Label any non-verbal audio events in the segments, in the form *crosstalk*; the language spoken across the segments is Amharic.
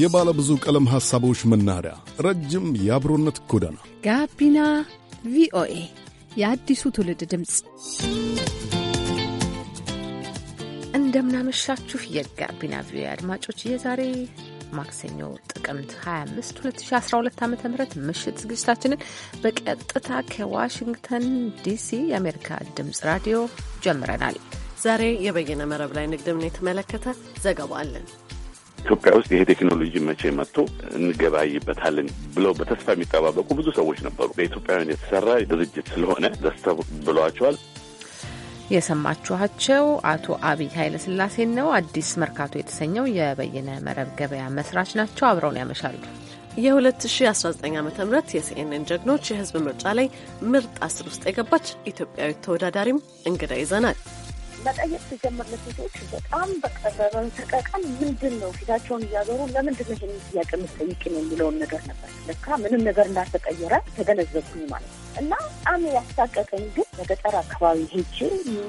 የባለ ብዙ ቀለም ሐሳቦች መናኸሪያ፣ ረጅም የአብሮነት ጎዳና፣ ጋቢና ቪኦኤ የአዲሱ ትውልድ ድምፅ። እንደምናመሻችሁ የጋቢና ቪኦኤ አድማጮች የዛሬ ማክሰኞ ጥቅምት 25 2012 ዓ ም ምሽት ዝግጅታችንን በቀጥታ ከዋሽንግተን ዲሲ የአሜሪካ ድምፅ ራዲዮ ጀምረናል። ዛሬ የበየነ መረብ ላይ ንግድን የተመለከተ ዘገባ አለን። ኢትዮጵያ ውስጥ ይሄ ቴክኖሎጂ መቼ መጥቶ እንገባይበታለን ብለው በተስፋ የሚጠባበቁ ብዙ ሰዎች ነበሩ። በኢትዮጵያውያን የተሰራ ድርጅት ስለሆነ ደስታ ብሏቸዋል። የሰማችኋቸው አቶ አብይ ኃይለስላሴን ነው። አዲስ መርካቶ የተሰኘው የበየነ መረብ ገበያ መስራች ናቸው። አብረውን ያመሻሉ። የ2019 ዓ ም የሲኤንኤን ጀግኖች የህዝብ ምርጫ ላይ ምርጥ አስር ውስጥ የገባች ኢትዮጵያዊት ተወዳዳሪም እንግዳ ይዘናል። መጠየቅ ሲጀምር ለሴቶች በጣም በቃ በመንሰቀቀን ምንድን ነው ፊታቸውን እያዞሩ ለምንድን ነው ይህንን ጥያቄ የምትጠይቅን የሚለውን ነገር ነበር። ለካ ምንም ነገር እንዳልተቀየረ ተገነዘብኩኝ ማለት ነው። እና በጣም ያስታቀቀኝ ግን በገጠር አካባቢ ሄጄ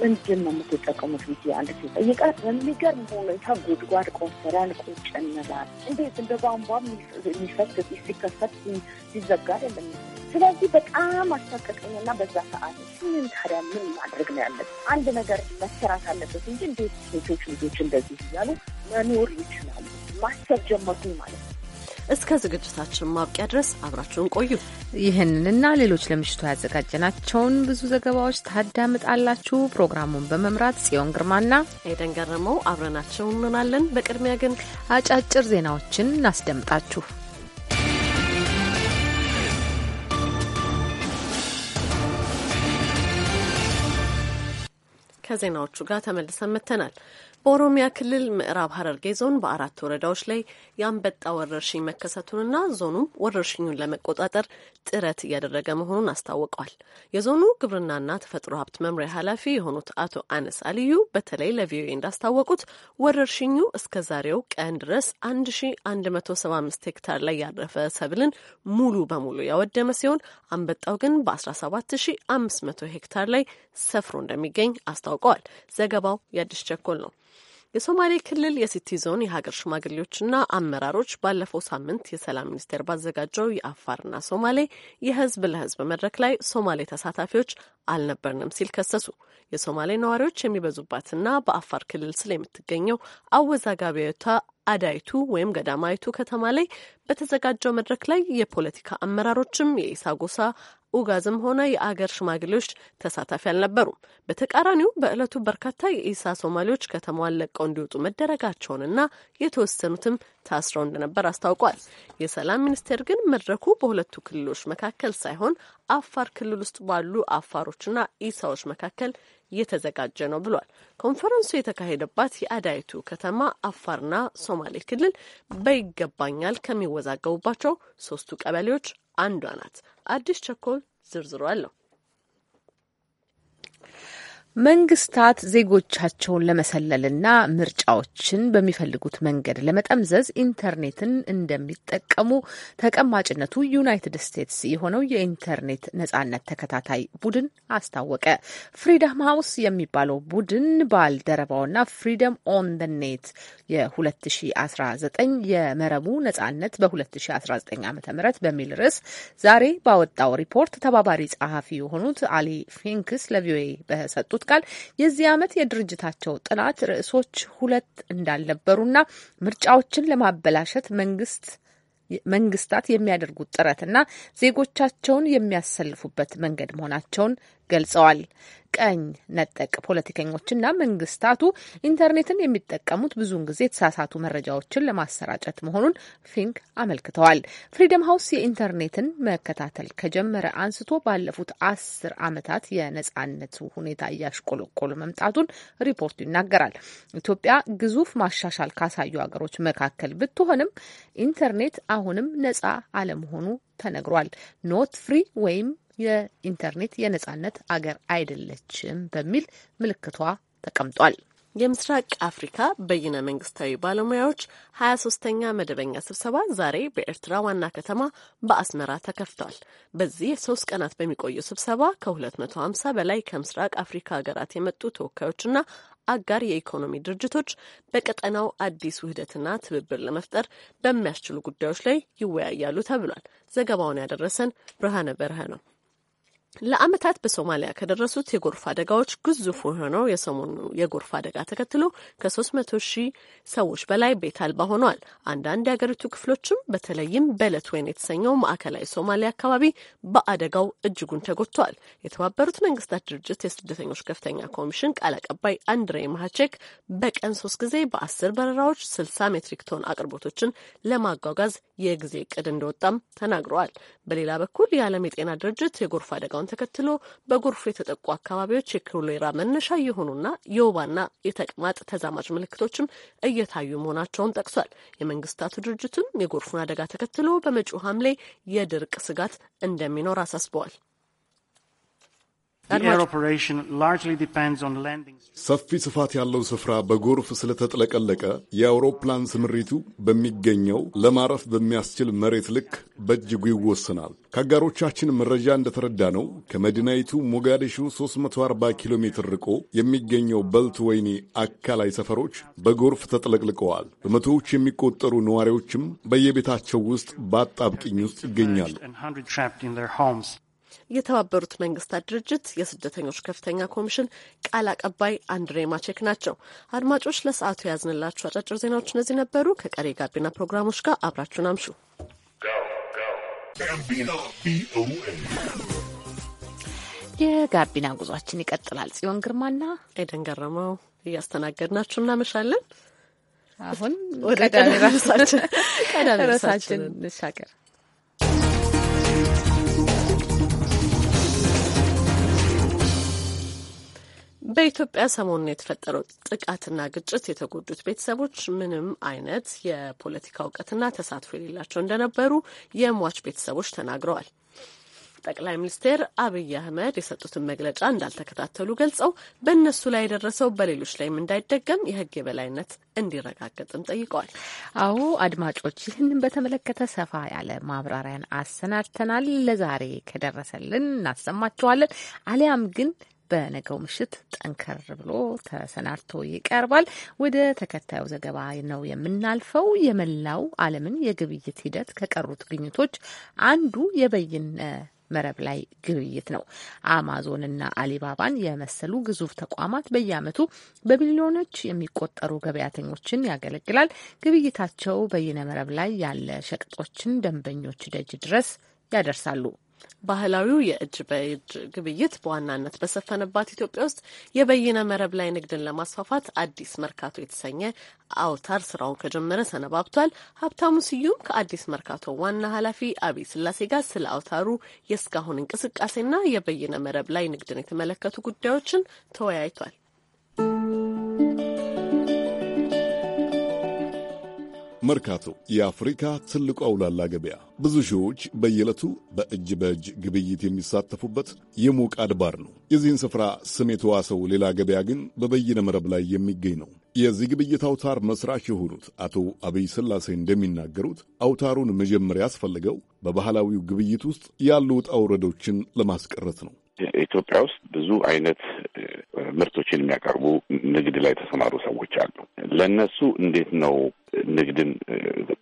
ምንድን ነው የምትጠቀሙት ጊዜ አንድ ሴት ጠይቃት በሚገርም ሁኔታ ጉድጓድ ቆፍረን አልቆ እንላለን። እንዴት እንደ ቧንቧ የሚፈት ሲከፈት ሲዘጋ የለም ስለዚህ በጣም አስታቀቀኝና በዛ ሰዓት ስምን ታዲያ ምን ማድረግ ነው ያለብን? አንድ ነገር መሰራት አለበት እንጂ እንዴት ሴቶች ልጆች እንደዚህ እያሉ መኖር ይችላሉ? ማሰብ ጀመርኩኝ ማለት ነው። እስከ ዝግጅታችን ማብቂያ ድረስ አብራችሁን ቆዩ። ይህንንና ሌሎች ለምሽቱ ያዘጋጀናቸውን ብዙ ዘገባዎች ታዳምጣላችሁ። ፕሮግራሙን በመምራት ጽዮን ግርማና ኤደን ገረመው አብረናቸው እንሆናለን። በቅድሚያ ግን አጫጭር ዜናዎችን እናስደምጣችሁ። ከዜናዎቹ ጋር ተመልሰን መጥተናል። በኦሮሚያ ክልል ምዕራብ ሀረርጌ ዞን በአራት ወረዳዎች ላይ የአንበጣ ወረርሽኝ መከሰቱንና ዞኑም ወረርሽኙን ለመቆጣጠር ጥረት እያደረገ መሆኑን አስታውቋል። የዞኑ ግብርናና ተፈጥሮ ሀብት መምሪያ ኃላፊ የሆኑት አቶ አነስ አልዩ በተለይ ለቪኦኤ እንዳስታወቁት ወረርሽኙ እስከ ዛሬው ቀን ድረስ 1175 ሄክታር ላይ ያረፈ ሰብልን ሙሉ በሙሉ ያወደመ ሲሆን አንበጣው ግን በ17500 ሄክታር ላይ ሰፍሮ እንደሚገኝ አስታውቀዋል። ዘገባው የአዲስ ቸኮል ነው። የሶማሌ ክልል የሲቲ ዞን የሀገር ሽማግሌዎችና አመራሮች ባለፈው ሳምንት የሰላም ሚኒስቴር ባዘጋጀው የአፋርና ሶማሌ የህዝብ ለህዝብ መድረክ ላይ ሶማሌ ተሳታፊዎች አልነበርንም ሲል ከሰሱ። የሶማሌ ነዋሪዎች የሚበዙባትና በአፋር ክልል ስለ የምትገኘው አወዛጋቢቷ አዳይቱ ወይም ገዳማይቱ ከተማ ላይ በተዘጋጀው መድረክ ላይ የፖለቲካ አመራሮችም የኢሳ ጎሳ ኡጋዝም ሆነ የአገር ሽማግሌዎች ተሳታፊ አልነበሩም። በተቃራኒው በዕለቱ በርካታ የኢሳ ሶማሌዎች ከተማዋን ለቀው እንዲወጡ መደረጋቸውንና የተወሰኑትም ታስረው እንደነበር አስታውቋል። የሰላም ሚኒስቴር ግን መድረኩ በሁለቱ ክልሎች መካከል ሳይሆን አፋር ክልል ውስጥ ባሉ አፋሮችና ኢሳዎች መካከል እየተዘጋጀ ነው ብሏል። ኮንፈረንሱ የተካሄደባት የአዳይቱ ከተማ አፋርና ሶማሌ ክልል በይገባኛል ከሚወዛገቡባቸው ሶስቱ ቀበሌዎች አንዷ ናት። አዲስ ቸኮል ዝርዝሩ አለው። መንግስታት ዜጎቻቸውን ለመሰለልና ምርጫዎችን በሚፈልጉት መንገድ ለመጠምዘዝ ኢንተርኔትን እንደሚጠቀሙ ተቀማጭነቱ ዩናይትድ ስቴትስ የሆነው የኢንተርኔት ነጻነት ተከታታይ ቡድን አስታወቀ። ፍሪደም ሀውስ የሚባለው ቡድን ባልደረባውና ፍሪደም ኦን ደ ኔት የ2019 የመረቡ ነጻነት በ2019 ዓ ም በሚል ርዕስ ዛሬ ባወጣው ሪፖርት ተባባሪ ጸሐፊ የሆኑት አሊ ፊንክስ ለቪኦኤ በሰጡት ቃል የዚህ ዓመት የድርጅታቸው ጥናት ርዕሶች ሁለት እንዳልነበሩና ምርጫዎችን ለማበላሸት መንግስት መንግስታት የሚያደርጉት ጥረትና ዜጎቻቸውን የሚያሰልፉበት መንገድ መሆናቸውን ገልጸዋል። ቀኝ ነጠቅ ፖለቲከኞችና መንግስታቱ ኢንተርኔትን የሚጠቀሙት ብዙውን ጊዜ የተሳሳቱ መረጃዎችን ለማሰራጨት መሆኑን ፊንክ አመልክተዋል። ፍሪደም ሀውስ የኢንተርኔትን መከታተል ከጀመረ አንስቶ ባለፉት አስር አመታት የነጻነቱ ሁኔታ እያሽቆለቆሉ መምጣቱን ሪፖርቱ ይናገራል። ኢትዮጵያ ግዙፍ ማሻሻል ካሳዩ ሀገሮች መካከል ብትሆንም ኢንተርኔት አሁንም ነጻ አለመሆኑ ተነግሯል። ኖት ፍሪ ወይም የኢንተርኔት የነጻነት አገር አይደለችም በሚል ምልክቷ ተቀምጧል። የምስራቅ አፍሪካ በይነ መንግስታዊ ባለሙያዎች ሀያ ሶስተኛ መደበኛ ስብሰባ ዛሬ በኤርትራ ዋና ከተማ በአስመራ ተከፍቷል። በዚህ ሶስት ቀናት በሚቆየው ስብሰባ ከሁለት መቶ ሀምሳ በላይ ከምስራቅ አፍሪካ ሀገራት የመጡ ተወካዮችና አጋር የኢኮኖሚ ድርጅቶች በቀጠናው አዲስ ውህደትና ትብብር ለመፍጠር በሚያስችሉ ጉዳዮች ላይ ይወያያሉ ተብሏል። ዘገባውን ያደረሰን ብርሃነ በርሀ ነው። ለዓመታት በሶማሊያ ከደረሱት የጎርፍ አደጋዎች ግዙፍ የሆነው የሰሞኑ የጎርፍ አደጋ ተከትሎ ከሶስት መቶ ሺህ ሰዎች በላይ ቤት አልባ ሆኗል። አንዳንድ የአገሪቱ ክፍሎችም በተለይም በለት ወይን የተሰኘው ማዕከላዊ ሶማሊያ አካባቢ በአደጋው እጅጉን ተጎድተዋል። የተባበሩት መንግስታት ድርጅት የስደተኞች ከፍተኛ ኮሚሽን ቃል አቀባይ አንድሬ ማሃቼክ በቀን ሶስት ጊዜ በአስር በረራዎች ስልሳ ሜትሪክ ቶን አቅርቦቶችን ለማጓጓዝ የጊዜ እቅድ እንደወጣም ተናግረዋል። በሌላ በኩል የዓለም የጤና ድርጅት የጎርፍ አደጋውን መከሰቷን ተከትሎ በጎርፍ የተጠቁ አካባቢዎች የኮሌራ መነሻ የሆኑና የወባና የተቅማጥ ተዛማጅ ምልክቶችም እየታዩ መሆናቸውን ጠቅሷል። የመንግስታቱ ድርጅትም የጎርፉን አደጋ ተከትሎ በመጪው ሐምሌ የድርቅ ስጋት እንደሚኖር አሳስበዋል። ሰፊ ስፋት ያለው ስፍራ በጎርፍ ስለተጥለቀለቀ የአውሮፕላን ስምሪቱ በሚገኘው ለማረፍ በሚያስችል መሬት ልክ በእጅጉ ይወሰናል። ከአጋሮቻችን መረጃ እንደተረዳ ነው ከመዲናይቱ ሞጋዲሹ 340 ኪሎ ሜትር ርቆ የሚገኘው በልት ወይኒ አካላይ ሰፈሮች በጎርፍ ተጥለቅልቀዋል። በመቶዎች የሚቆጠሩ ነዋሪዎችም በየቤታቸው ውስጥ በአጣብቅኝ ውስጥ ይገኛሉ። የተባበሩት መንግስታት ድርጅት የስደተኞች ከፍተኛ ኮሚሽን ቃል አቀባይ አንድሬ ማቼክ ናቸው። አድማጮች ለሰዓቱ የያዝንላችሁ አጫጭር ዜናዎች እነዚህ ነበሩ። ከቀሪ ጋቢና ፕሮግራሞች ጋር አብራችሁን አምሹ። የጋቢና ጉዟችን ይቀጥላል። ጽዮን ግርማና ኤደን ገረመው እያስተናገድናችሁ እናመሻለን። አሁን ወደ ቀዳሚ ራሳችን እንሻገር። በኢትዮጵያ ሰሞኑን የተፈጠረው ጥቃትና ግጭት የተጎዱት ቤተሰቦች ምንም አይነት የፖለቲካ እውቀትና ተሳትፎ የሌላቸው እንደነበሩ የሟች ቤተሰቦች ተናግረዋል። ጠቅላይ ሚኒስትር አብይ አህመድ የሰጡትን መግለጫ እንዳልተከታተሉ ገልጸው በእነሱ ላይ የደረሰው በሌሎች ላይም እንዳይደገም የሕግ የበላይነት እንዲረጋገጥም ጠይቀዋል። አዎ አድማጮች፣ ይህንን በተመለከተ ሰፋ ያለ ማብራሪያን አሰናድተናል። ለዛሬ ከደረሰልን እናሰማችኋለን አሊያም ግን በነገው ምሽት ጠንከር ብሎ ተሰናድቶ ይቀርባል። ወደ ተከታዩ ዘገባ ነው የምናልፈው። የመላው ዓለምን የግብይት ሂደት ከቀሩት ግኝቶች አንዱ የበይነ መረብ ላይ ግብይት ነው። አማዞንና አሊባባን የመሰሉ ግዙፍ ተቋማት በየዓመቱ በሚሊዮኖች የሚቆጠሩ ገበያተኞችን ያገለግላል። ግብይታቸው በይነ መረብ ላይ ያለ ሸቀጦችን ደንበኞች ደጅ ድረስ ያደርሳሉ። ባህላዊው የእጅ በእጅ ግብይት በዋናነት በሰፈነባት ኢትዮጵያ ውስጥ የበይነ መረብ ላይ ንግድን ለማስፋፋት አዲስ መርካቶ የተሰኘ አውታር ስራውን ከጀመረ ሰነባብቷል። ሀብታሙ ስዩም ከአዲስ መርካቶ ዋና ኃላፊ አብይ ስላሴ ጋር ስለ አውታሩ የእስካሁን እንቅስቃሴና የበይነ መረብ ላይ ንግድን የተመለከቱ ጉዳዮችን ተወያይቷል። መርካቶ የአፍሪካ ትልቁ አውላላ ገበያ ብዙ ሺዎች በየዕለቱ በእጅ በእጅ ግብይት የሚሳተፉበት የሞቅ አድባር ነው። የዚህን ስፍራ ስም የተዋሰው ሌላ ገበያ ግን በበይነ መረብ ላይ የሚገኝ ነው። የዚህ ግብይት አውታር መስራች የሆኑት አቶ አብይ ስላሴ እንደሚናገሩት አውታሩን መጀመሪያ ያስፈልገው በባህላዊው ግብይት ውስጥ ያሉ ውጣ ውረዶችን ለማስቀረት ነው። ኢትዮጵያ ውስጥ ብዙ አይነት ምርቶችን የሚያቀርቡ ንግድ ላይ የተሰማሩ ሰዎች አሉ። ለእነሱ እንዴት ነው ንግድን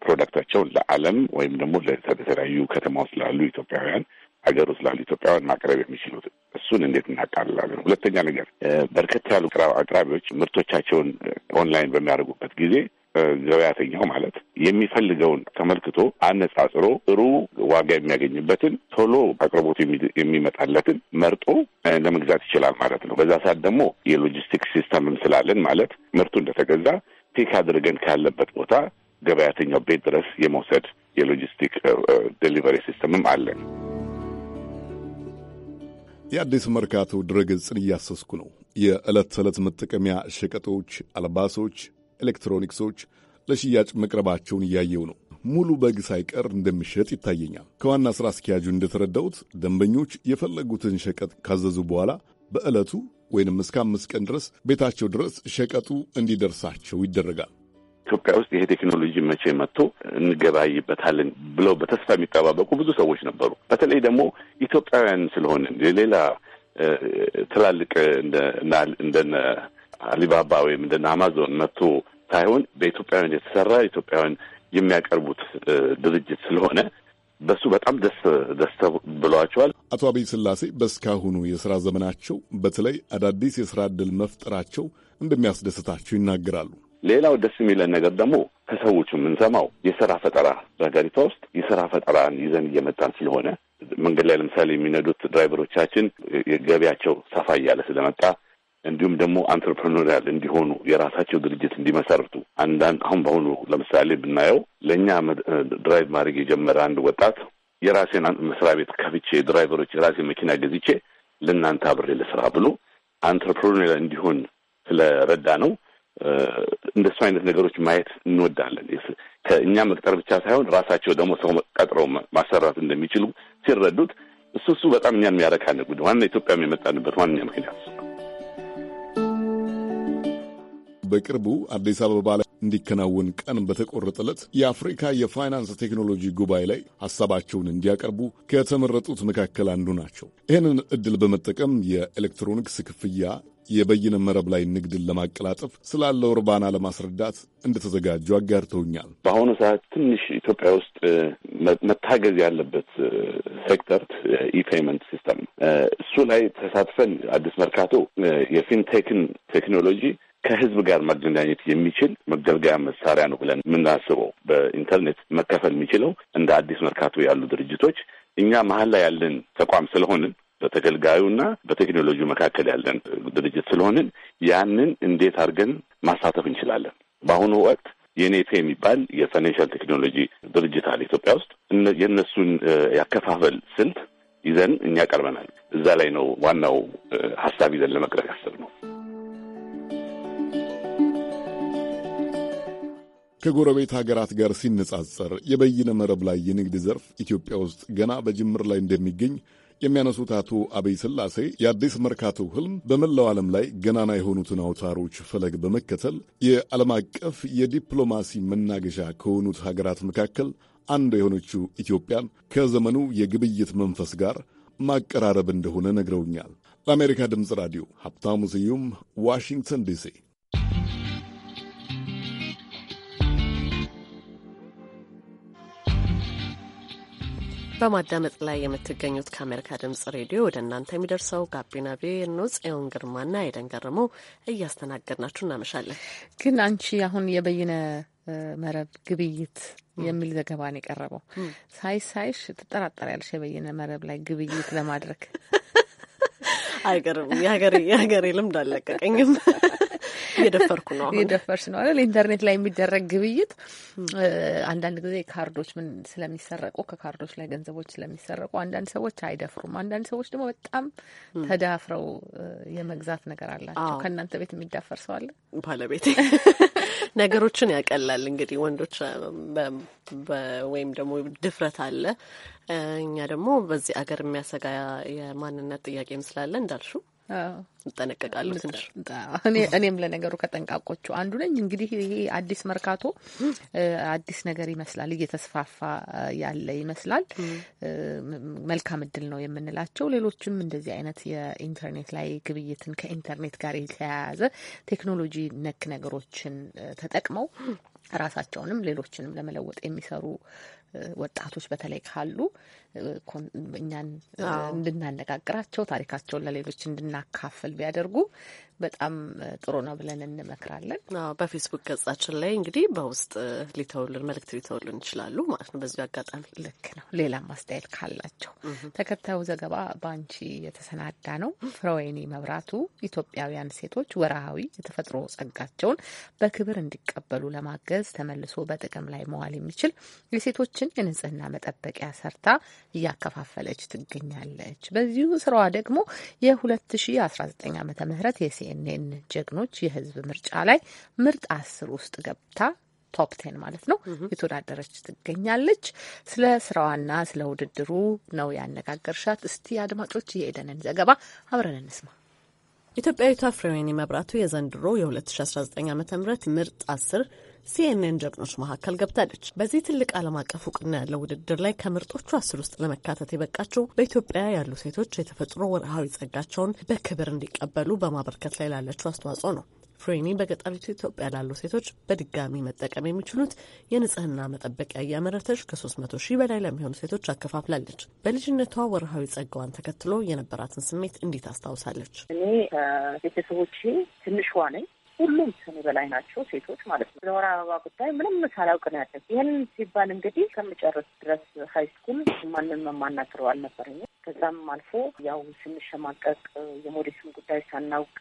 ፕሮዳክታቸውን ለዓለም ወይም ደግሞ ለተለያዩ ከተማ ውስጥ ላሉ ኢትዮጵያውያን ሀገር ውስጥ ላሉ ኢትዮጵያውያን ማቅረብ የሚችሉት እሱን እንዴት እናቃልላለን? ሁለተኛ ነገር በርከት ያሉ አቅራቢዎች ምርቶቻቸውን ኦንላይን በሚያደርጉበት ጊዜ ገበያተኛው ማለት የሚፈልገውን ተመልክቶ አነጻጽሮ ጥሩ ዋጋ የሚያገኝበትን ቶሎ አቅርቦት የሚመጣለትን መርጦ ለመግዛት ይችላል ማለት ነው። በዛ ሰዓት ደግሞ የሎጂስቲክስ ሲስተምም ስላለን ማለት ምርቱ እንደተገዛ ቴክ አድርገን ካለበት ቦታ ገበያተኛው ቤት ድረስ የመውሰድ የሎጂስቲክ ዴሊቨሪ ሲስተምም አለን። የአዲስ መርካቶ ድረገጽን እያሰስኩ ነው። የዕለት ተዕለት መጠቀሚያ ሸቀጦች፣ አልባሶች፣ ኤሌክትሮኒክሶች ለሽያጭ መቅረባቸውን እያየው ነው። ሙሉ በግ ሳይቀር እንደሚሸጥ ይታየኛል። ከዋና ሥራ አስኪያጁ እንደተረዳሁት ደንበኞች የፈለጉትን ሸቀጥ ካዘዙ በኋላ በዕለቱ ወይንም እስከ አምስት ቀን ድረስ ቤታቸው ድረስ ሸቀጡ እንዲደርሳቸው ይደረጋል። ኢትዮጵያ ውስጥ ይሄ ቴክኖሎጂ መቼ መጥቶ እንገባይበታለን ብለው በተስፋ የሚጠባበቁ ብዙ ሰዎች ነበሩ። በተለይ ደግሞ ኢትዮጵያውያን ስለሆነ የሌላ ትላልቅ እንደነ አሊባባ ወይ ምንድን አማዞን መጥቶ ሳይሆን በኢትዮጵያውያን የተሰራ ኢትዮጵያውያን የሚያቀርቡት ድርጅት ስለሆነ በሱ በጣም ደስ ደስ ብለዋቸዋል። አቶ አብይ ስላሴ በእስካሁኑ የስራ ዘመናቸው በተለይ አዳዲስ የስራ እድል መፍጠራቸው እንደሚያስደስታቸው ይናገራሉ። ሌላው ደስ የሚለን ነገር ደግሞ ከሰዎቹ የምንሰማው የስራ ፈጠራ በሀገሪቷ ውስጥ የስራ ፈጠራን ይዘን እየመጣን ስለሆነ መንገድ ላይ ለምሳሌ የሚነዱት ድራይቨሮቻችን ገቢያቸው ሰፋ እያለ ስለመጣ እንዲሁም ደግሞ አንትርፕርኖሪያል እንዲሆኑ የራሳቸው ድርጅት እንዲመሰርቱ አንዳንድ አሁን በአሁኑ ለምሳሌ ብናየው ለእኛ ድራይቭ ማድረግ የጀመረ አንድ ወጣት የራሴን መስሪያ ቤት ከፍቼ ድራይቨሮች የራሴን መኪና ገዝቼ ለእናንተ አብሬ ልስራ ብሎ አንትርፕረኖሪያል እንዲሆን ስለረዳ ነው። እንደሱ አይነት ነገሮች ማየት እንወዳለን። ከእኛ መቅጠር ብቻ ሳይሆን ራሳቸው ደግሞ ሰው ቀጥረው ማሰራት እንደሚችሉ ሲረዱት እሱ እሱ በጣም እኛን የሚያረካን ዋና ኢትዮጵያም የመጣንበት ዋነኛ ምክንያት በቅርቡ አዲስ አበባ ላይ እንዲከናወን ቀን በተቆረጠለት የአፍሪካ የፋይናንስ ቴክኖሎጂ ጉባኤ ላይ ሀሳባቸውን እንዲያቀርቡ ከተመረጡት መካከል አንዱ ናቸው። ይህንን እድል በመጠቀም የኤሌክትሮኒክስ ክፍያ የበይነ መረብ ላይ ንግድን ለማቀላጠፍ ስላለው እርባና ለማስረዳት እንደተዘጋጁ አጋርተውኛል። በአሁኑ ሰዓት ትንሽ ኢትዮጵያ ውስጥ መታገዝ ያለበት ሴክተር ኢፔመንት ሲስተም ነው። እሱ ላይ ተሳትፈን አዲስ መርካቶ የፊንቴክን ቴክኖሎጂ ከህዝብ ጋር ማገናኘት የሚችል መገልገያ መሳሪያ ነው ብለን የምናስበው በኢንተርኔት መከፈል የሚችለው እንደ አዲስ መርካቶ ያሉ ድርጅቶች እኛ መሀል ላይ ያለን ተቋም ስለሆንን በተገልጋዩና በቴክኖሎጂ መካከል ያለን ድርጅት ስለሆንን ያንን እንዴት አድርገን ማሳተፍ እንችላለን። በአሁኑ ወቅት የኔፔ የሚባል የፋይናንሻል ቴክኖሎጂ ድርጅት አለ ኢትዮጵያ ውስጥ። የእነሱን ያከፋፈል ስልት ይዘን እኛ ቀርበናል። እዛ ላይ ነው ዋናው ሀሳብ ይዘን ለመቅረብ ያሰብነው። ከጎረቤት ሀገራት ጋር ሲነጻጸር የበይነ መረብ ላይ የንግድ ዘርፍ ኢትዮጵያ ውስጥ ገና በጅምር ላይ እንደሚገኝ የሚያነሱት አቶ አብይ ስላሴ የአዲስ መርካቶ ህልም በመላው ዓለም ላይ ገናና የሆኑትን አውታሮች ፈለግ በመከተል የዓለም አቀፍ የዲፕሎማሲ መናገሻ ከሆኑት ሀገራት መካከል አንዱ የሆነችው ኢትዮጵያን ከዘመኑ የግብይት መንፈስ ጋር ማቀራረብ እንደሆነ ነግረውኛል። ለአሜሪካ ድምፅ ራዲዮ ሀብታሙ ስዩም ዋሽንግተን ዲሲ በማዳመጥ ላይ የምትገኙት ከአሜሪካ ድምጽ ሬዲዮ ወደ እናንተ የሚደርሰው ጋቢና ቪኦኤ ነው። ጽዮን ግርማና አይደን ገረመው እያስተናገድናችሁ እናመሻለን። ግን አንቺ አሁን የበይነ መረብ ግብይት የሚል ዘገባ ነው የቀረበው። ሳይ ሳይሽ ያለሽ የበይነ መረብ ላይ ግብይት ለማድረግ *laughs* አይገርም። የሀገሬ ልምድ አልለቀቀኝም። *laughs* እየደፈርኩ ነው እየደፈርሽ ነው አይደል? ኢንተርኔት ላይ የሚደረግ ግብይት አንዳንድ ጊዜ ካርዶች ምን ስለሚሰረቁ ከካርዶች ላይ ገንዘቦች ስለሚሰረቁ አንዳንድ ሰዎች አይደፍሩም። አንዳንድ ሰዎች ደግሞ በጣም ተዳፍረው የመግዛት ነገር አላቸው። ከእናንተ ቤት የሚዳፈር ሰው አለ? ባለቤቴ *laughs* ነገሮችን ያቀላል። እንግዲህ ወንዶች ወይም ደግሞ ድፍረት አለ። እኛ ደግሞ በዚህ አገር የሚያሰጋ የማንነት ጥያቄም ስላለ እንዳልሹ ትንሽ። እኔም ለነገሩ ከጠንቃቆቹ አንዱ ነኝ። እንግዲህ ይሄ አዲስ መርካቶ አዲስ ነገር ይመስላል፣ እየተስፋፋ ያለ ይመስላል። መልካም እድል ነው የምንላቸው ሌሎችም እንደዚህ አይነት የኢንተርኔት ላይ ግብይትን ከኢንተርኔት ጋር የተያያዘ ቴክኖሎጂ ነክ ነገሮችን ተጠቅመው ራሳቸውንም ሌሎችንም ለመለወጥ የሚሰሩ ወጣቶች በተለይ ካሉ እኛን እንድናነጋግራቸው ታሪካቸውን ለሌሎች እንድናካፍል ቢያደርጉ በጣም ጥሩ ነው ብለን እንመክራለን። በፌስቡክ ገጻችን ላይ እንግዲህ በውስጥ ሊተውልን መልእክት ሊተውልን ይችላሉ ማለት ነው። በዚሁ አጋጣሚ ልክ ነው። ሌላም አስተያየት ካላቸው ተከታዩ ዘገባ በአንቺ የተሰናዳ ነው። ፍሮዌኒ መብራቱ ኢትዮጵያውያን ሴቶች ወርሃዊ የተፈጥሮ ጸጋቸውን በክብር እንዲቀበሉ ለማገዝ ተመልሶ በጥቅም ላይ መዋል የሚችል የሴቶችን የንጽህና መጠበቂያ ሰርታ እያከፋፈለች ትገኛለች። በዚሁ ስራዋ ደግሞ የ2019 ዓ ም የሲኤንኤን ጀግኖች የህዝብ ምርጫ ላይ ምርጥ አስር ውስጥ ገብታ ቶፕ ቴን ማለት ነው የተወዳደረች ትገኛለች። ስለ ስራዋና ስለ ውድድሩ ነው ያነጋገርሻት። እስቲ አድማጮች የኤደንን ዘገባ አብረን እንስማ። ኢትዮጵያዊቷ ፍሬወይኒ መብራቱ የዘንድሮ የ2019 ዓ ም ምርጥ አስር ሲኤንኤን ጀግኖች መካከል ገብታለች። በዚህ ትልቅ ዓለም አቀፍ እውቅና ያለው ውድድር ላይ ከምርጦቹ አስር ውስጥ ለመካተት የበቃቸው በኢትዮጵያ ያሉ ሴቶች የተፈጥሮ ወርሃዊ ጸጋቸውን በክብር እንዲቀበሉ በማበርከት ላይ ላለችው አስተዋጽኦ ነው። ፍሬኒ በገጠሪቱ ኢትዮጵያ ላሉ ሴቶች በድጋሚ መጠቀም የሚችሉት የንጽህና መጠበቂያ እያመረተች ከ300 ሺህ በላይ ለሚሆኑ ሴቶች አከፋፍላለች። በልጅነቷ ወርሃዊ ጸጋዋን ተከትሎ የነበራትን ስሜት እንዴት አስታውሳለች? እኔ ቤተሰቦቼ ትንሿ ነኝ። ሁሉም ከኔ በላይ ናቸው ሴቶች ማለት ነው። የወር አበባ ጉዳይ ምንም ሳላውቅ ነው ያለ። ይህን ሲባል እንግዲህ ከምጨርስ ድረስ ሀይ ስኩል ማንም የማናግረው አልነበረኝም። ከዛም አልፎ ያው ስንሸማቀቅ የሞዴስን ጉዳይ ሳናውቅ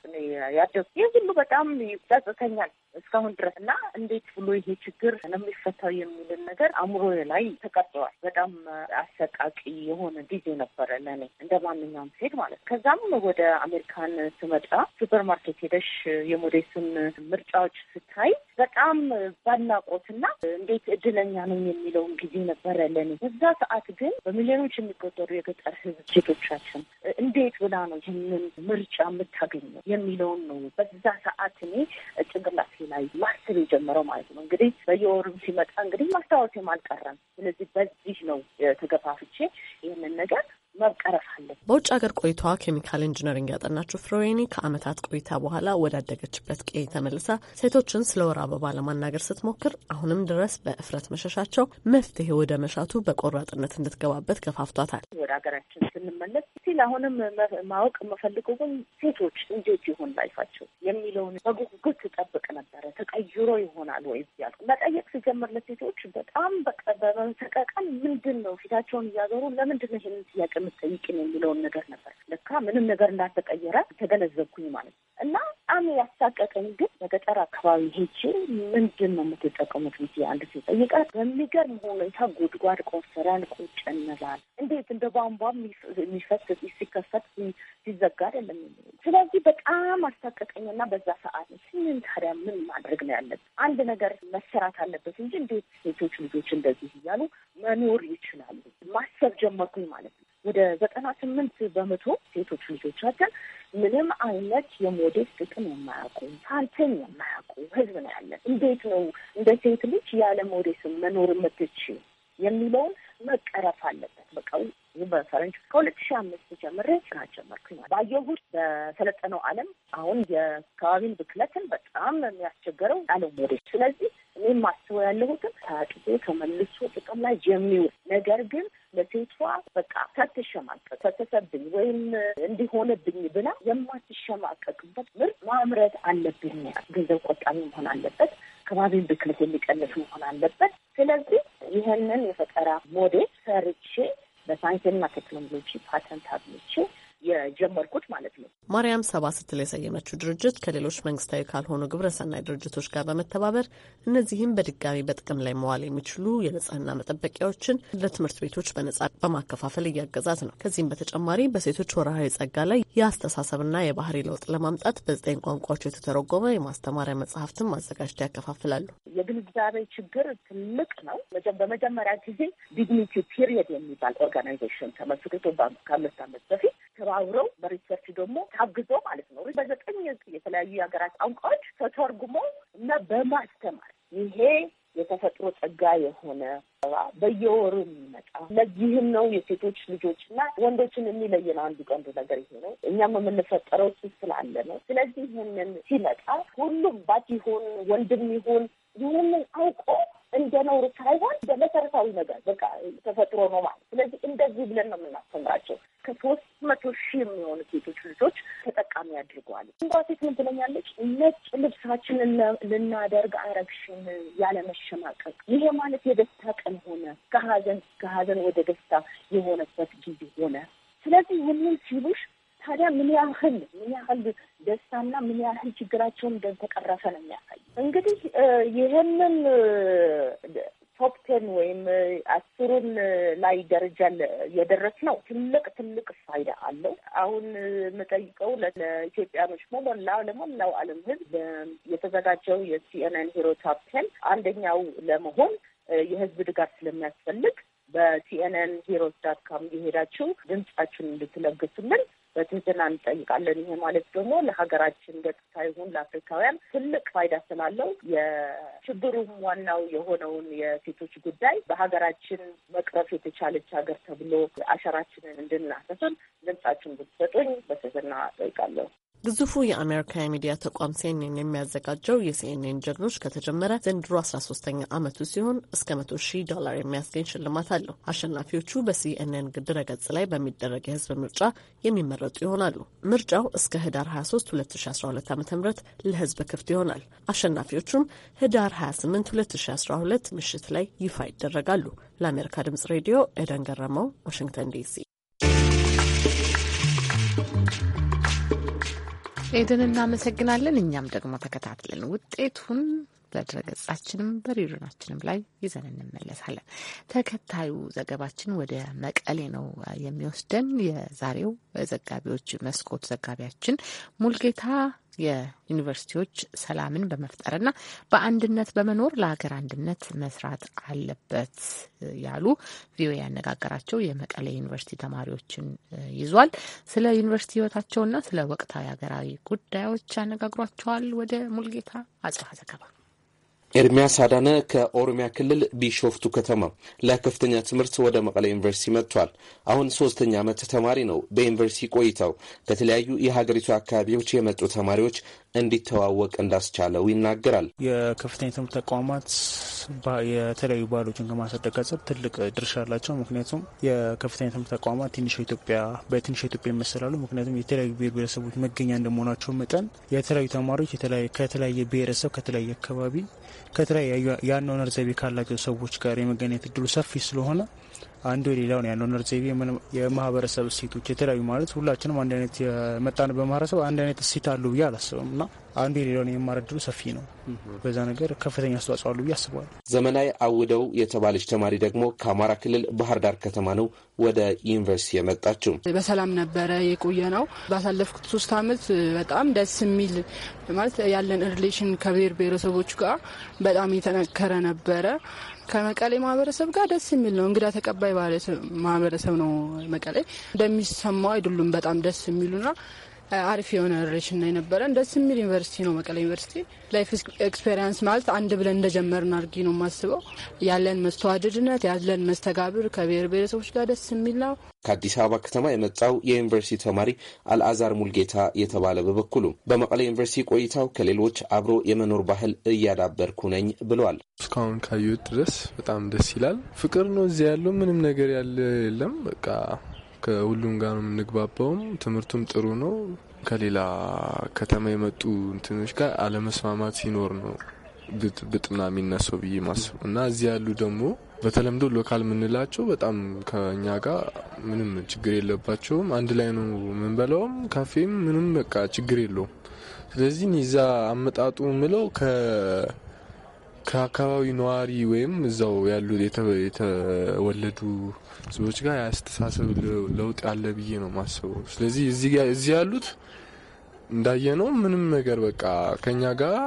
ያደጉ ይህ ሁሉ በጣም ጸጽተኛል እስካሁን ድረስ እና እንዴት ብሎ ይሄ ችግር ነው የሚፈታው የሚልን ነገር አእምሮ ላይ ተቀርጸዋል። በጣም አሰቃቂ የሆነ ጊዜ ነበረ ለእኔ እንደ ማንኛውም ሴት ማለት ነው። ከዛም ወደ አሜሪካን ስመጣ ሱፐርማርኬት ሄደሽ የሞዴስን ያሉትን ምርጫዎች ስታይ በጣም ባናቆትና እንዴት እድለኛ ነኝ የሚለውን ጊዜ ነበረ ለኔ። በዛ ሰዓት ግን በሚሊዮኖች የሚቆጠሩ የገጠር ህዝብ ሴቶቻችን እንዴት ብላ ነው ይህንን ምርጫ የምታገኘው የሚለውን ነው በዛ ሰዓት እኔ ጭንቅላቴ ላይ ማስብ የጀመረው ማለት ነው። እንግዲህ በየወሩም ሲመጣ እንግዲህ ማስታወሴም አልቀረም። ስለዚህ በዚህ ነው ተገፋፍቼ ይህንን ነገር መቀረፍ በውጭ ሀገር ቆይቷ ኬሚካል ኢንጂነሪንግ ያጠናችው ፍሮዌኒ ከዓመታት ቆይታ በኋላ ወዳደገችበት ቄ ተመልሳ ሴቶችን ስለ ወር አበባ ለማናገር ስትሞክር አሁንም ድረስ በእፍረት መሸሻቸው መፍትሄ ወደ መሻቱ በቆራጥነት እንድትገባበት ገፋፍቷታል። ወደ ሀገራችን ስንመለስ ስቲል አሁንም ማወቅ የምፈልገው ግን ሴቶች እንዴት ይሆን ላይፋቸው የሚለውን በጉጉት ጠብቅ ነበረ። ተቀይሮ ይሆናል ወይ ያልኩ መጠየቅ ሲጀምር ለሴቶች በጣም በመሰቀቀን ምንድን ነው ፊታቸውን እያዞሩ ለምንድን ነው ይህንን ጥያቄ የምትጠይቅን የሚለውን ነገር ነበር። ለካ ምንም ነገር እንዳልተቀየረ ተገነዘብኩኝ ማለት ነው። እና በጣም ያሳቀቀኝ ግን በገጠር አካባቢ ሄጄ ምንድን ነው የምትጠቀሙት ምስ አንድ ሲጠይቃት በሚገርም ሁኔታ ጉድጓድ ቆፍረን ቁጭ እንላል እንዴት እንደ ቧንቧ የሚፈስ ሲከፈት ሲዘጋ አይደለም። ስለዚህ በጣም እና በዛ ሰዓት ስምን ታዲያ ምን ማድረግ ነው ያለብን? አንድ ነገር መሰራት አለበት እንጂ እንዴት ሴቶች ልጆች እንደዚህ እያሉ መኖር ይችላሉ? ማሰብ ጀመርኩኝ ማለት ነው። ወደ ዘጠና ስምንት በመቶ ሴቶች ልጆቻችን ምንም አይነት የሞዴስ ጥቅም የማያውቁ ሳንቲም የማያውቁ ህዝብ ነው ያለ። እንዴት ነው እንደ ሴት ልጅ ያለ ሞዴስም መኖር የምትችል የሚለውን መቀረፍ አለበት። በቃ በፈረንጅ ከሁለት ሺ አምስት ጀምሬ ስራ ጀመርኩኝ። ባየሁት በሰለጠነው ዓለም አሁን የአካባቢን ብክለትን በጣም የሚያስቸግረው ያለው ሞዴስ። ስለዚህ እኔም ማስበው ያለሁትም ታጥቦ ተመልሶ ጥቅም ላይ የሚውል ነገር ግን ባለቤቷ በቃ ሳትሸማቀቅ ተተሰብኝ ወይም እንዲሆነብኝ ብላ የማትሸማቀቅበት ምርት ማምረት አለብኝ። ገንዘብ ቆጣሚ መሆን አለበት። ከባቢን ብክለት የሚቀንስ መሆን አለበት። ስለዚህ ይህንን የፈጠራ ሞዴል ሰርቼ በሳይንስና ቴክኖሎጂ ፓተንት አግኝቼ የጀመርኩት ማለት ነው። ማርያም ሰባ ስትል የሰየመችው ድርጅት ከሌሎች መንግስታዊ ካልሆኑ ግብረሰናይ ድርጅቶች ጋር በመተባበር እነዚህም በድጋሚ በጥቅም ላይ መዋል የሚችሉ የንጽህና መጠበቂያዎችን ለትምህርት ቤቶች በነጻ በማከፋፈል እያገዛት ነው። ከዚህም በተጨማሪ በሴቶች ወርሃዊ ጸጋ ላይ የአስተሳሰብና የባህሪ ለውጥ ለማምጣት በዘጠኝ ቋንቋዎች የተተረጎመ የማስተማሪያ መጽሐፍትን ማዘጋጀት ያከፋፍላሉ። የግንዛቤ ችግር ትልቅ ነው። በመጀመሪያ ጊዜ ዲግኒቲ ፒሪየድ የሚባል ኦርጋናይዜሽን ተመስርቶ ከአምስት ዓመት በፊት ተዘዋውረው በሪሰርች ደግሞ ታግዞ ማለት ነው በዘጠኝ የተለያዩ የሀገራት ቋንቋዎች ተተርጉሞ እና በማስተማር ይሄ የተፈጥሮ ጸጋ የሆነ በየወሩ የሚመጣ ለዚህም ነው የሴቶች ልጆች እና ወንዶችን የሚለየን አንዱ ቀንዱ ነገር ይሄ ነው። እኛም የምንፈጠረው እሱ ስላለ ነው። ስለዚህ ይህንን ሲመጣ ሁሉም ባት ይሁን ወንድም ይሁን ይህንን አውቆ እንደ ነውር ሳይሆን በመሰረታዊ ነገር በቃ ተፈጥሮ ነው ማለት። ስለዚህ እንደዚህ ብለን ነው የምናስተምራቸው። ከሶስት መቶ ሺህ የሚሆኑ ሴቶች ልጆች ተጠቃሚ አድርገዋል። ሴት ምን ትለኛለች? ነጭ ልብሳችንን ልናደርግ አረግሽን ያለመሸማቀቅ። ይሄ ማለት የደስታ ቀን ሆነ፣ ከሀዘን ከሀዘን ወደ ደስታ የሆነበት ጊዜ ሆነ። ስለዚህ ይህንን ሲሉሽ ታዲያ ምን ያህል ምን ያህል ደስታና ምን ያህል ችግራቸውን እንደተቀረፈ ነው የሚያሳይ። እንግዲህ ይህንን ቶፕ ቴን ወይም አስሩን ላይ ደረጃ የደረስ ነው ትልቅ ትልቅ ፋይዳ አለው። አሁን የምጠይቀው ለኢትዮጵያኖች መሞላ ለሞላው ዓለም ሕዝብ የተዘጋጀው የሲኤንኤን ሂሮ ቶፕ ቴን አንደኛው ለመሆን የህዝብ ድጋፍ ስለሚያስፈልግ በሲኤንኤን ሂሮስ ዳት ካም የሄዳችሁ ድምጻችሁን እንድትለግሱልን በትህትና እንጠይቃለን። ይሄ ማለት ደግሞ ለሀገራችን ገጽታ ይሁን ለአፍሪካውያን ትልቅ ፋይዳ ስላለው የችግሩም ዋናው የሆነውን የሴቶች ጉዳይ በሀገራችን መቅረፍ የተቻለች ሀገር ተብሎ አሻራችንን እንድናሰፍን ድምጻችን ብትሰጡኝ በትህትና ጠይቃለሁ። ግዙፉ የአሜሪካ የሚዲያ ተቋም ሲኤንኤን የሚያዘጋጀው የሲኤንኤን ጀግኖች ከተጀመረ ዘንድሮ 13 ኛ ዓመቱ ሲሆን እስከ 100 ሺህ ዶላር የሚያስገኝ ሽልማት አለው። አሸናፊዎቹ በሲኤንኤን ድረገጽ ላይ በሚደረግ የህዝብ ምርጫ የሚመረጡ ይሆናሉ። ምርጫው እስከ ህዳር 23 2012 ዓ ም ለህዝብ ክፍት ይሆናል። አሸናፊዎቹም ህዳር 28 2012 ምሽት ላይ ይፋ ይደረጋሉ። ለአሜሪካ ድምጽ ሬዲዮ ኤደን ገረመው ዋሽንግተን ዲሲ። ኤደን እናመሰግናለን። እኛም ደግሞ ተከታትለን ውጤቱን በድረገጻችንም በሬዲዮናችንም ላይ ይዘን እንመለሳለን። ተከታዩ ዘገባችን ወደ መቀሌ ነው የሚወስደን። የዛሬው ዘጋቢዎች መስኮት ዘጋቢያችን ሙልጌታ የዩኒቨርሲቲዎች ሰላምን በመፍጠርና በአንድነት በመኖር ለሀገር አንድነት መስራት አለበት ያሉ ቪኦኤ ያነጋገራቸው የመቀለ ዩኒቨርሲቲ ተማሪዎችን ይዟል። ስለ ዩኒቨርሲቲ ህይወታቸውና ስለ ወቅታዊ ሀገራዊ ጉዳዮች ያነጋግሯቸዋል። ወደ ሙልጌታ አጽፋ ዘገባ ኤርሚያስ አዳነ ከኦሮሚያ ክልል ቢሾፍቱ ከተማ ለከፍተኛ ትምህርት ወደ መቀለ ዩኒቨርሲቲ መጥቷል። አሁን ሶስተኛ ዓመት ተማሪ ነው። በዩኒቨርሲቲ ቆይታው ከተለያዩ የሀገሪቱ አካባቢዎች የመጡ ተማሪዎች እንዲተዋወቅ እንዳስቻለው ይናገራል። የከፍተኛ ትምህርት ተቋማት የተለያዩ ባህሎችን ከማሳደግ አንጻር ትልቅ ድርሻ አላቸው። ምክንያቱም የከፍተኛ ትምህርት ተቋማት ትንሽ ኢትዮጵያ በትንሽ ኢትዮጵያ ይመስላሉ። ምክንያቱም የተለያዩ ብሔር ብሔረሰቦች መገኛ እንደመሆናቸው መጠን የተለያዩ ተማሪዎች ከተለያየ ብሔረሰብ፣ ከተለያየ አካባቢ፣ ከተለያየ የአኗኗር ዘይቤ ካላቸው ሰዎች ጋር የመገናኘት እድሉ ሰፊ ስለሆነ አንዱ የሌላውን ያለው ነርጽ የማህበረሰብ እሴቶች የተለያዩ ማለት ሁላችንም አንድ አይነት የመጣንበት በማህበረሰብ አንድ አይነት እሴት አሉ ብዬ አላስብም እና አንዱ የሌላውን የማረድሩ ሰፊ ነው። በዛ ነገር ከፍተኛ አስተዋጽኦ አሉ ብዬ አስበዋል። ዘመናዊ አውደው የተባለች ተማሪ ደግሞ ከአማራ ክልል ባህር ዳር ከተማ ነው ወደ ዩኒቨርሲቲ የመጣችው። በሰላም ነበረ የቆየ ነው። ባሳለፍኩት ሶስት አመት በጣም ደስ የሚል ማለት ያለን ሪሌሽን ከብሔር ብሔረሰቦች ጋር በጣም የተነከረ ነበረ። ከመቀሌ ማህበረሰብ ጋር ደስ የሚል ነው። እንግዳ ተቀባይ ማህበረሰብ ነው መቀሌ። እንደሚሰማው አይደሉም። በጣም ደስ የሚሉና አሪፍ የሆነ ሪሌሽን የነበረን። ደስ የሚል ዩኒቨርሲቲ ነው መቀሌ ዩኒቨርሲቲ። ላይፍ ኤክስፔሪንስ ማለት አንድ ብለን እንደጀመርን አድርጊ ነው የማስበው። ያለን መስተዋድድነት ያለን መስተጋብር ከብሔር ብሔረሰቦች ጋር ደስ የሚል ነው። ከአዲስ አበባ ከተማ የመጣው የዩኒቨርሲቲ ተማሪ አልአዛር ሙልጌታ የተባለ በበኩሉ በመቀሌ ዩኒቨርሲቲ ቆይታው ከሌሎች አብሮ የመኖር ባህል እያዳበርኩ ነኝ ብሏል። እስካሁን ካየሁት ድረስ በጣም ደስ ይላል። ፍቅር ነው እዚያ ያለው። ምንም ነገር ያለ የለም በቃ ከሁሉም ጋር ነው የምንግባባውም። ትምህርቱም ጥሩ ነው። ከሌላ ከተማ የመጡ እንትኖች ጋር አለመስማማት ሲኖር ነው ብጥብጥና የሚነሳው ብዬ ማስብ እና እዚህ ያሉ ደግሞ በተለምዶ ሎካል የምንላቸው በጣም ከእኛ ጋር ምንም ችግር የለባቸውም። አንድ ላይ ነው የምንበላውም፣ ካፌም ምንም በቃ ችግር የለውም። ስለዚህ ኒዛ አመጣጡ ምለው ከአካባቢው ነዋሪ ወይም እዛው ያሉ የተወለዱ ህዝቦች ጋር የአስተሳሰብ ለውጥ ያለ ብዬ ነው የማስበው። ስለዚህ እዚህ ያሉት እንዳየ ነው ምንም ነገር በቃ ከኛ ጋር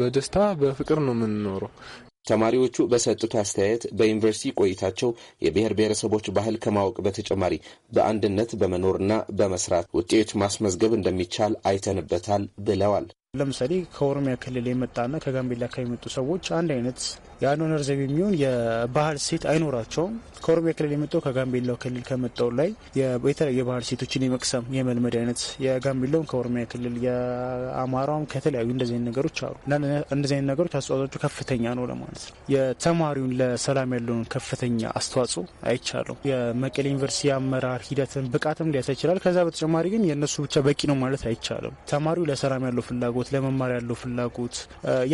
በደስታ በፍቅር ነው የምንኖረው። ተማሪዎቹ በሰጡት አስተያየት በዩኒቨርሲቲ ቆይታቸው የብሔር ብሔረሰቦች ባህል ከማወቅ በተጨማሪ በአንድነት በመኖርና በመስራት ውጤት ማስመዝገብ እንደሚቻል አይተንበታል ብለዋል። ለምሳሌ ከኦሮሚያ ክልል የመጣና ከጋምቤላ ከሚመጡ ሰዎች አንድ አይነት የአንድ ርዘብ የሚሆን የባህል ሴት አይኖራቸውም። ከኦሮሚያ ክልል የመጣው ከጋምቤላው ክልል ከመጣው ላይ የተለያዩ የባህል ሴቶችን የመቅሰም የመልመድ አይነት የጋምቤላውም ከኦሮሚያ ክልል የአማራውም ከተለያዩ እንደዚህ አይነት ነገሮች አሉ። እንደዚህ አይነት ነገሮች አስተዋጽኦቸው ከፍተኛ ነው ለማለት ነው። የተማሪውን ለሰላም ያለውን ከፍተኛ አስተዋጽኦ አይቻለሁ። የመቀሌ ዩኒቨርሲቲ የአመራር ሂደትን ብቃትም ሊያሳይ ይችላል። ከዛ በተጨማሪ ግን የእነሱ ብቻ በቂ ነው ማለት አይቻልም። ተማሪው ለሰላም ያለው ፍላጎት፣ ለመማር ያለው ፍላጎት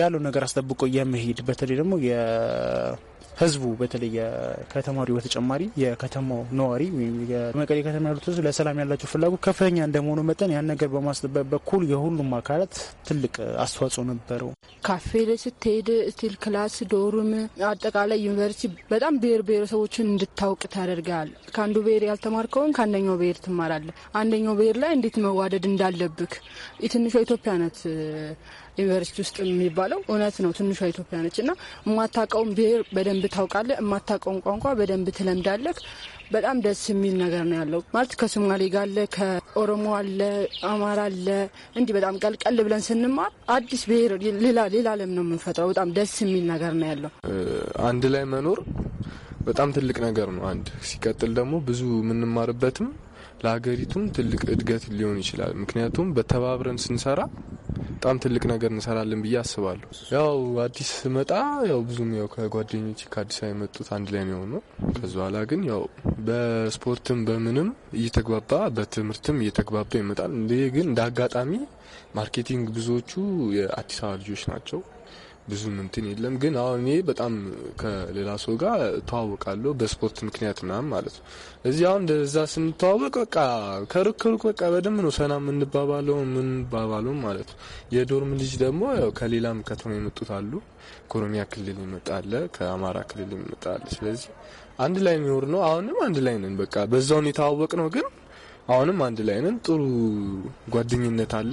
ያለው ነገር አስጠብቆ የመሄድ በተለይ ደግሞ uh, ህዝቡ በተለይ ከተማሪ በተጨማሪ የከተማው ነዋሪ ወይም የመቀሌ ከተማ ያሉት ህዝብ ለሰላም ያላቸው ፍላጎት ከፍተኛ እንደመሆኑ መጠን ያን ነገር በማስጠበቅ በኩል የሁሉም አካላት ትልቅ አስተዋጽኦ ነበረው። ካፌ ላይ ስትሄድ ስቲል ክላስ፣ ዶርም፣ አጠቃላይ ዩኒቨርሲቲ በጣም ብሔር ብሔረሰቦችን እንድታውቅ ታደርጋል። ከአንዱ ብሔር ያልተማርከውን ከአንደኛው ብሔር ትማራለ አንደኛው ብሔር ላይ እንዴት መዋደድ እንዳለብክ ትንሿ ኢትዮጵያ ናት። ዩኒቨርሲቲ ውስጥ የሚባለው እውነት ነው። ትንሿ ኢትዮጵያ ነች እና የማታውቀውን ብሔር በደንብ ታውቃለህ፣ የማታውቀውን ቋንቋ በደንብ ትለምዳለህ። በጣም ደስ የሚል ነገር ነው ያለው ማለት ከሶማሌ ጋር አለ፣ ከኦሮሞ አለ፣ አማራ አለ። እንዲህ በጣም ቀልቀል ብለን ስንማር አዲስ ብሔር ሌላ ሌላ ነው የምንፈጥረው። በጣም ደስ የሚል ነገር ነው ያለው። አንድ ላይ መኖር በጣም ትልቅ ነገር ነው። አንድ ሲቀጥል ደግሞ ብዙ የምንማርበትም ለሀገሪቱም ትልቅ እድገት ሊሆን ይችላል። ምክንያቱም በተባብረን ስንሰራ በጣም ትልቅ ነገር እንሰራለን ብዬ አስባለሁ። ያው አዲስ ስመጣ ያው ብዙም ያው ከጓደኞች ከአዲስ አበባ የመጡት አንድ ላይ ነው ነው ከዚ በኋላ ግን ያው በስፖርትም በምንም እየተግባባ በትምህርትም እየተግባባ ይመጣል። እንዲህ ግን እንደ አጋጣሚ ማርኬቲንግ ብዙዎቹ የአዲስ አበባ ልጆች ናቸው። ብዙም እንትን የለም። ግን አሁን እኔ በጣም ከሌላ ሰው ጋር ተዋወቃለሁ በስፖርት ምክንያት ምናምን ማለት ነው። እዚህ አሁን እንደዛ ስንተዋወቅ በቃ ከሩቅ ከሩቅ በቃ በደንብ ነው ሰና የምንባባለው የምንባባለው ማለት ነው። የዶርም ልጅ ደግሞ ከሌላም ከተማ የመጡት አሉ። ከኦሮሚያ ክልል ይመጣለ፣ ከአማራ ክልል ይመጣለ። ስለዚህ አንድ ላይ የሚኖር ነው። አሁንም አንድ ላይ ነን። በቃ በዛው የተዋወቅ ነው ግን አሁንም አንድ ላይ ነን። ጥሩ ጓደኝነት አለ፣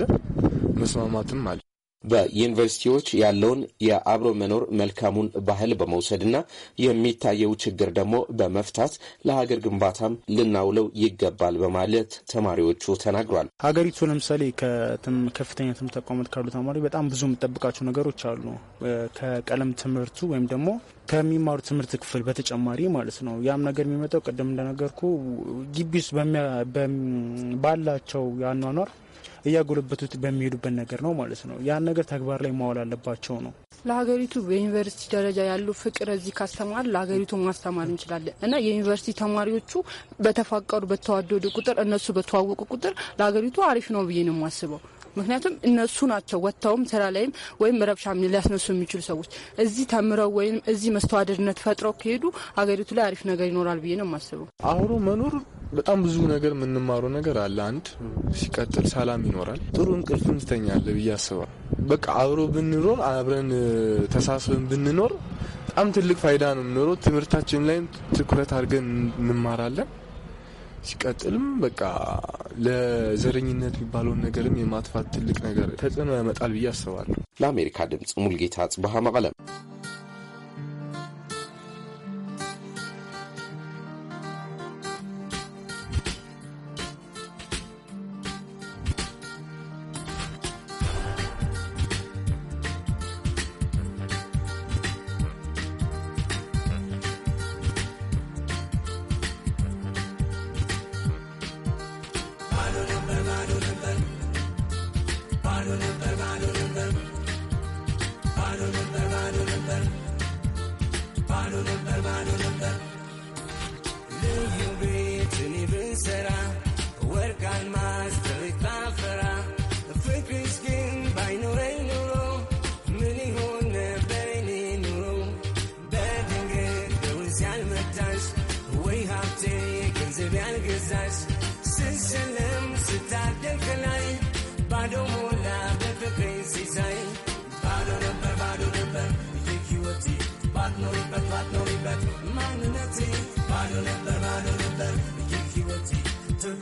መስማማትም አለ። በዩኒቨርሲቲዎች ያለውን የአብሮ መኖር መልካሙን ባህል በመውሰድና የሚታየው ችግር ደግሞ በመፍታት ለሀገር ግንባታም ልናውለው ይገባል በማለት ተማሪዎቹ ተናግሯል። ሀገሪቱ ለምሳሌ ከፍተኛ ትምህርት ተቋማት ካሉ ተማሪ በጣም ብዙ የምጠብቃቸው ነገሮች አሉ። ከቀለም ትምህርቱ ወይም ደግሞ ከሚማሩ ትምህርት ክፍል በተጨማሪ ማለት ነው። ያም ነገር የሚመጣው ቅድም እንደነገርኩ ግቢ ውስጥ ባላቸው አኗኗር እያጎለበቱት በሚሄዱበት ነገር ነው ማለት ነው። ያን ነገር ተግባር ላይ ማዋል አለባቸው ነው። ለሀገሪቱ በዩኒቨርሲቲ ደረጃ ያለው ፍቅር እዚህ ካስተማር ለሀገሪቱ ማስተማር እንችላለን እና የዩኒቨርሲቲ ተማሪዎቹ በተፋቀሩ በተዋደዱ ቁጥር እነሱ በተዋወቁ ቁጥር ለሀገሪቱ አሪፍ ነው ብዬ ነው የማስበው። ምክንያቱም እነሱ ናቸው ወጥተውም ስራ ላይም ወይም ረብሻ ሊያስነሱ የሚችሉ ሰዎች እዚህ ተምረው ወይም እዚህ መስተዋደድነት ፈጥረው ከሄዱ ሀገሪቱ ላይ አሪፍ ነገር ይኖራል ብዬ ነው የማስበው። አብሮ መኖር በጣም ብዙ ነገር የምንማረው ነገር አለ። አንድ ሲቀጥል ሰላም ይኖራል፣ ጥሩ እንቅልፍም ትተኛለህ ብዬ በቃ አብሮ ብንኖር አብረን ተሳስበን ብንኖር በጣም ትልቅ ፋይዳ ነው የምኖረው። ትምህርታችን ላይም ትኩረት አድርገን እንማራለን። ሲቀጥልም በቃ ለዘረኝነት የሚባለውን ነገርም የማጥፋት ትልቅ ነገር ተጽዕኖ ያመጣል ብዬ አስባለሁ። ለአሜሪካ ድምፅ ሙልጌታ ጽብሃ መቀለም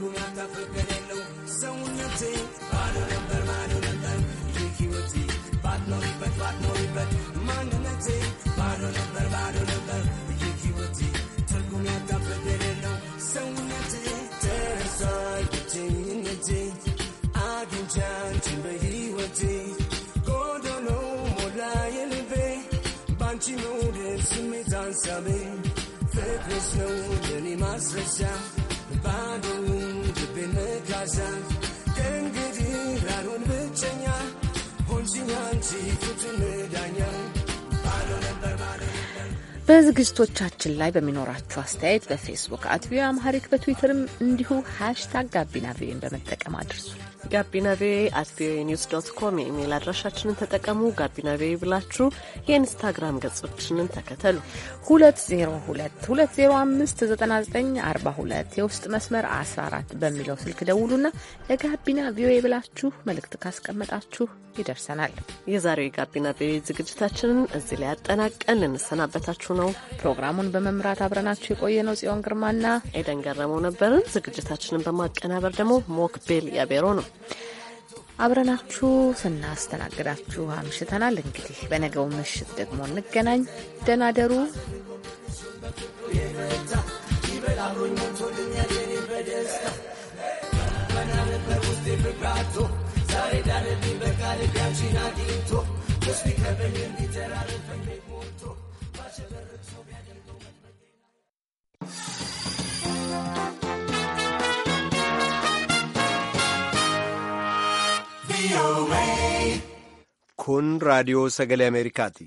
ሁሉን ያካፈ ከሌለው ሰውነቴ ባዶ ነበር ባዶ ነበር ይህ ሕይወቴ ባትኖሪበት ባትኖሪበት ነበር ባዶ ነበር ትርጉም ያካፈ ከሌለው ሰውነቴ ተረሳይ ብቸኝነቴ አግኝቼ አንቺን ሞላ የልቤ ባንቺ መውደድ ነው ለኔ ማስረሻ በዝግጅቶቻችን ላይ በሚኖራችሁ አስተያየት በፌስቡክ አት ቪኦኤ አምሃሪክ በትዊተርም እንዲሁ ሀሽታግ ጋቢና ቪኦኤን በመጠቀም አድርሱ። ጋቢና ቪኦኤ አት ቪኦኤ ኒውስ ዶት ኮም የኢሜይል አድራሻችንን ተጠቀሙ። ጋቢና ቪኤ ብላችሁ የኢንስታግራም ገጾችንን ተከተሉ። 2022059942 የውስጥ መስመር 14 በሚለው ስልክ ደውሉና ለጋቢና ቪኤ ብላችሁ መልእክት ካስቀመጣችሁ ይደርሰናል። የዛሬው የጋቢና ቪኤ ዝግጅታችንን እዚህ ላይ አጠናቀን ልንሰናበታችሁ ነው። ፕሮግራሙን በመምራት አብረናችሁ የቆየ ነው ጽዮን ግርማና ኤደን ገረመው ነበርን። ዝግጅታችንን በማቀናበር ደግሞ ሞክቤል ያቤሮ ነው። አብረናችሁ ስናስተናግዳችሁ አምሽተናል። እንግዲህ በነገው ምሽት ደግሞ እንገናኝ። ደናደሩ ዛሬ Kun raadiyoo sagale Ameerikaati.